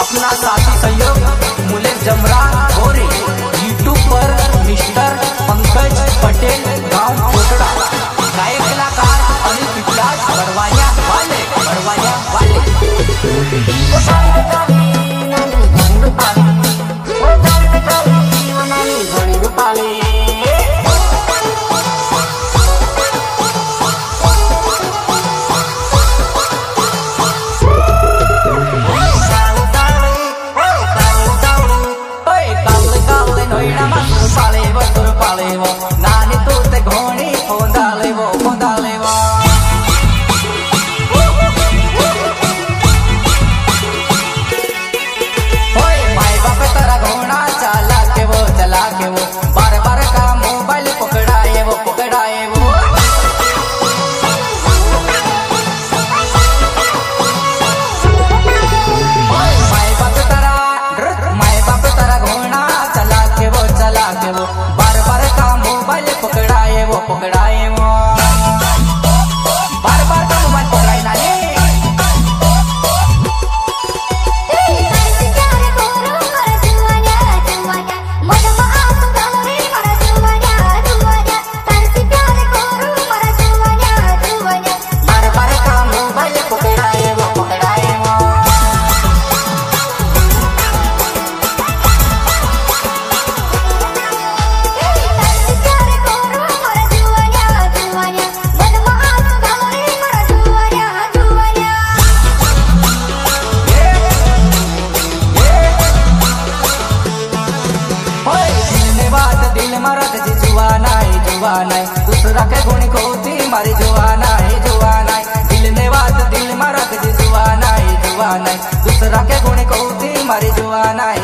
अपना साथी सहयोग मुलेश जमरा और यूट्यूब पर mister Pankaj Patel na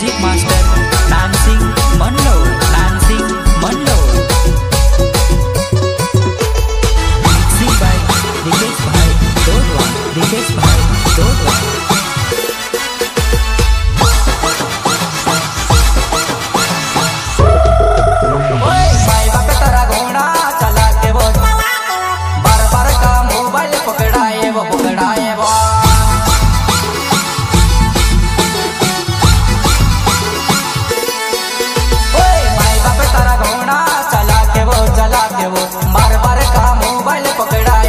music master dancing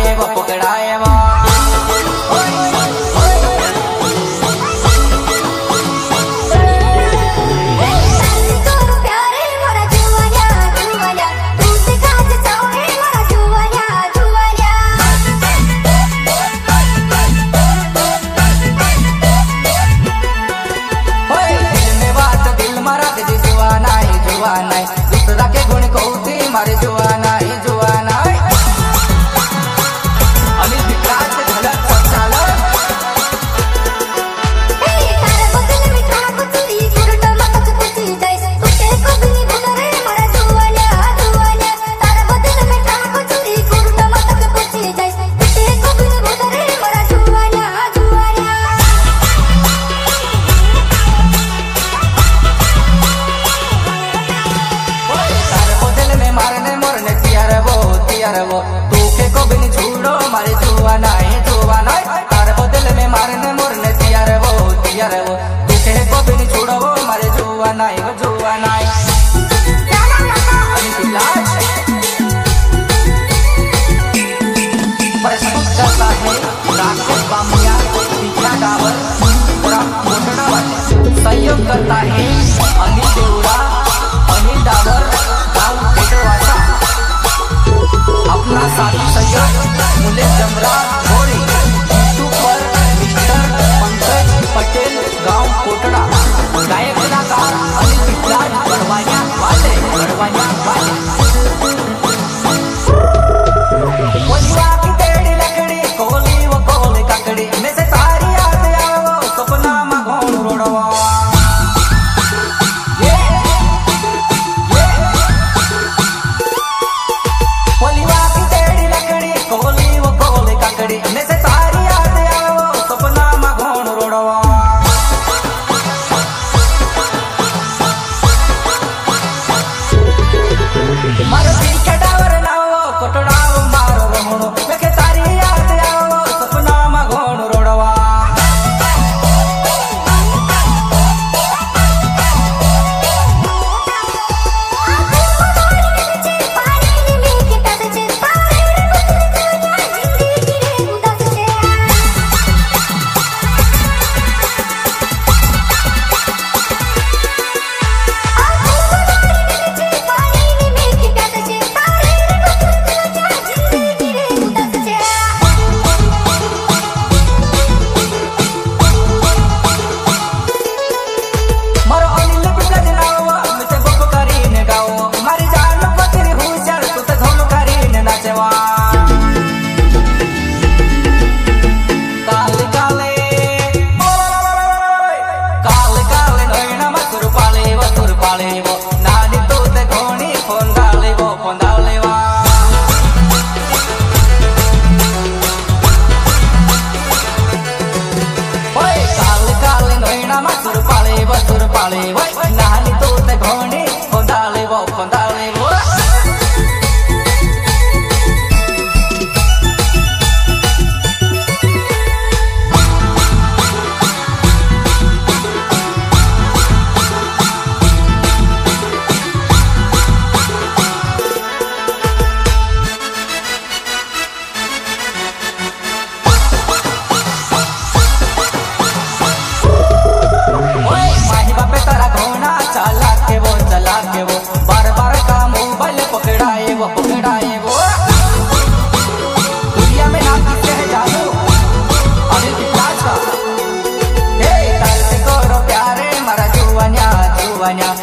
¡Gracias! अरबो तूफे को बिन झूलो मारे छुआना है छुआना अरबो दिल में मारने मुरने सिया अरबो सिया अरबो तूफे को बिन छोड़ो मारे छुआना है वो छुआना सहयोग करता है मुले जमरा घोड़ी पटेल गांव कोटड़ा गायक चला के वो बार बार का मोबाइल पकड़ाए वो पकड़ाए वो दुनिया में नाम किसके है जानो का ए ताल प्यारे मरा जुवनिया जुवनिया